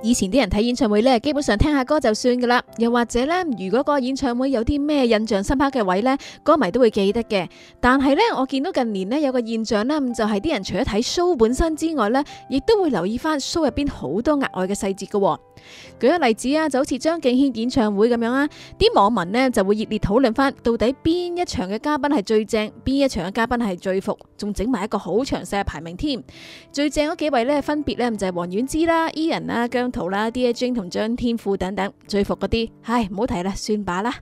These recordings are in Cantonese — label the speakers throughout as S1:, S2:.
S1: 以前啲人睇演唱會咧，基本上聽下歌就算噶啦。又或者呢，如果個演唱會有啲咩印象深刻嘅位呢，歌迷都會記得嘅。但係呢，我見到近年呢，有個現象呢，就係啲人除咗睇 show 本身之外呢，亦都會留意翻 show 入邊好多額外嘅細節嘅。舉個例子啊，就好似張敬軒演唱會咁樣啊，啲網民呢就會熱烈討論翻，到底邊一場嘅嘉賓係最正，邊一場嘅嘉賓係最服，仲整埋一個好詳細嘅排名添。最正嗰幾位呢，分別呢就係王菀之啦、伊人啦、姜圖啦，DJ 同張天賦等等，最服嗰啲，唉，唔好睇啦，算罷啦。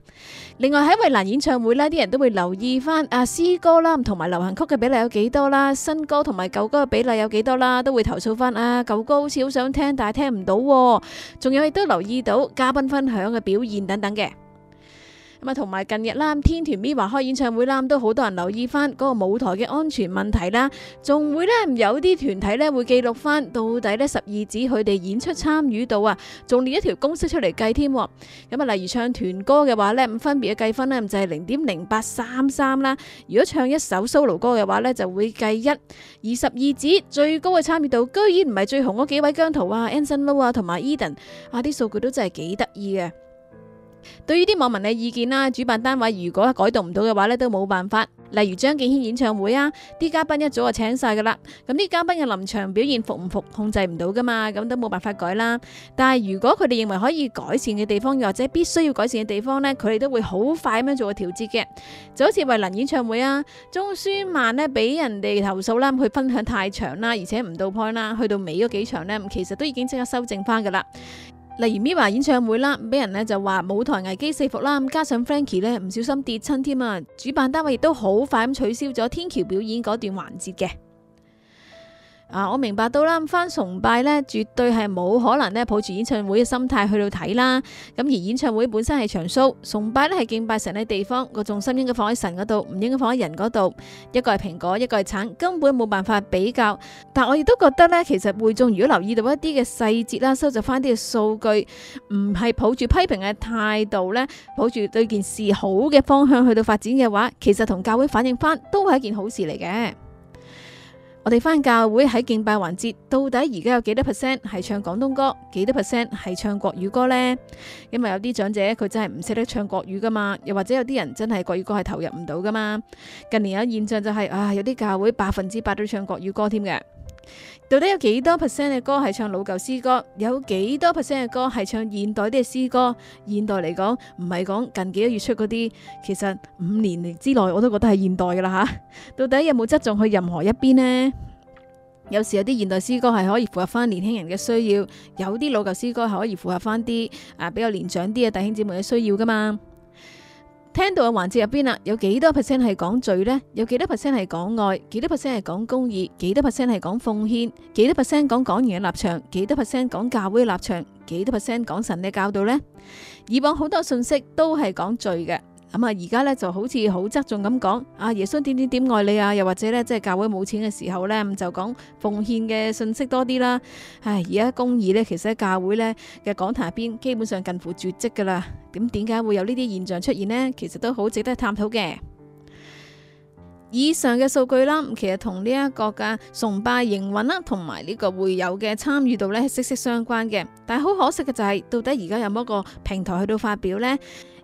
S1: 另外喺衛蘭演唱會呢，啲人都會留意翻啊，新歌啦，同埋流行曲嘅比例有幾多啦，新歌同埋舊歌嘅比例有幾多啦，都會投訴翻啊，舊歌好似好想聽，但係聽唔到。仲有亦都留意到嘉賓分享嘅表現等等嘅。咁啊，同埋近日啦，天團 MIRROR 開演唱會啦，都好多人留意返嗰個舞台嘅安全問題啦。仲會呢，有啲團體呢，會記錄返，到底呢十二子佢哋演出參與度啊，仲列一條公式出嚟計添。咁啊，例如唱團歌嘅話呢，咁分別嘅計分呢，就係零點零八三三啦。如果唱一首 solo 歌嘅話呢，就會計一。而十二子最高嘅參與度，居然唔係最紅嗰幾位姜濤啊、Anson Lo 啊同埋 Edan 啊，啲數據都真係幾得意嘅。對於啲網民嘅意見啦，主辦單位如果改動唔到嘅話咧，都冇辦法。例如張敬軒演唱會啊，啲嘉賓一早就請晒噶啦，咁啲嘉賓嘅臨場表現服唔服控制唔到噶嘛，咁都冇辦法改啦。但係如果佢哋認為可以改善嘅地方，或者必須要改善嘅地方呢，佢哋都會好快咁樣做個調節嘅。就好似慧能演唱會啊，鍾舒漫呢，俾人哋投訴啦，咁佢分享太長啦，而且唔到 point 啦，去到尾嗰幾場呢，其實都已經即刻修正翻噶啦。例如 Mira 演唱會啦，俾人呢就話舞台危機四伏啦，加上 Frankie 呢唔小心跌親添啊，主辦單位亦都好快咁取消咗天橋表演嗰段環節嘅。啊，我明白到啦，返崇拜咧，絕對係冇可能咧抱住演唱會嘅心態去到睇啦。咁而演唱會本身係場騷，崇拜咧，係敬拜神嘅地方，個重心應該放喺神嗰度，唔應該放喺人嗰度。一個係蘋果，一個係橙，根本冇辦法比較。但我亦都覺得咧，其實會眾如果留意到一啲嘅細節啦，收集返啲嘅數據，唔係抱住批評嘅態度咧，抱住對件事好嘅方向去到發展嘅話，其實同教會反映返都係一件好事嚟嘅。我哋返教會喺敬拜環節，到底而家有幾多 percent 係唱廣東歌，幾多 percent 係唱國語歌呢？因為有啲長者佢真係唔識得唱國語㗎嘛，又或者有啲人真係國語歌係投入唔到㗎嘛。近年有現象就係、是、啊，有啲教會百分之百都唱國語歌添嘅。到底有幾多 percent 嘅歌係唱老舊詩歌？有幾多 percent 嘅歌係唱現代啲嘅詩歌？現代嚟講，唔係講近幾個月出嗰啲，其實五年之內我都覺得係現代噶啦吓。到底有冇側重去任何一邊呢？有時有啲現代詩歌係可以符合翻年輕人嘅需要，有啲老舊詩歌係可以符合翻啲啊比較年長啲嘅弟兄姊妹嘅需要噶嘛。.聽到嘅環節入邊啦，有幾多 percent 係講罪呢？有幾多 percent 係講愛？幾多 percent 係講公義？幾多 percent 係講奉獻？幾多 percent 講講人嘅立場？幾多 percent 講教會立場？幾多 percent 講神嘅教導呢？以往好多信息都係講罪嘅。咁啊，而家咧就好似好側重咁講，啊耶穌點點點愛你啊，又或者咧，即係教會冇錢嘅時候咧，咁就講奉獻嘅信息多啲啦。唉，而家公義咧，其實喺教會咧嘅講壇入邊，基本上近乎絕跡噶啦。點點解會有呢啲現象出現呢？其實都好值得探討嘅。以上嘅數據啦，其實同呢一個嘅崇拜營運啦，同埋呢個會友嘅參與度咧，息息相關嘅。但係好可惜嘅就係、是，到底而家有冇一個平台去到發表呢？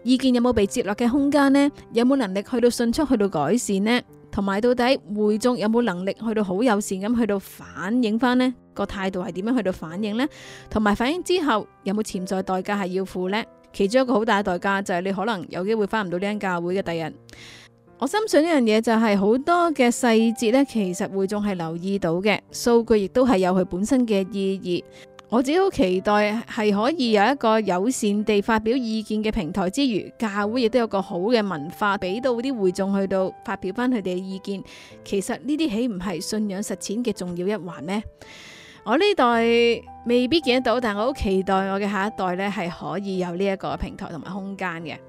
S1: 意見有冇被接落嘅空間呢？有冇能力去到迅速去到改善呢？同埋到底會眾有冇能力去到好友善咁去到反映翻呢？個態度係點樣去到反映呢？同埋反映之後有冇潛在代價係要付呢？其中一個好大嘅代價就係你可能有機會翻唔到呢間教會嘅第日。我深信呢樣嘢就係好多嘅細節呢，其實會眾係留意到嘅，數據亦都係有佢本身嘅意義。我只好期待係可以有一個友善地發表意見嘅平台之餘，教會亦都有個好嘅文化，俾到啲會眾去到發表翻佢哋嘅意見。其實呢啲豈唔係信仰實踐嘅重要一環咩？我呢代未必見得到，但我好期待我嘅下一代咧，係可以有呢一個平台同埋空間嘅。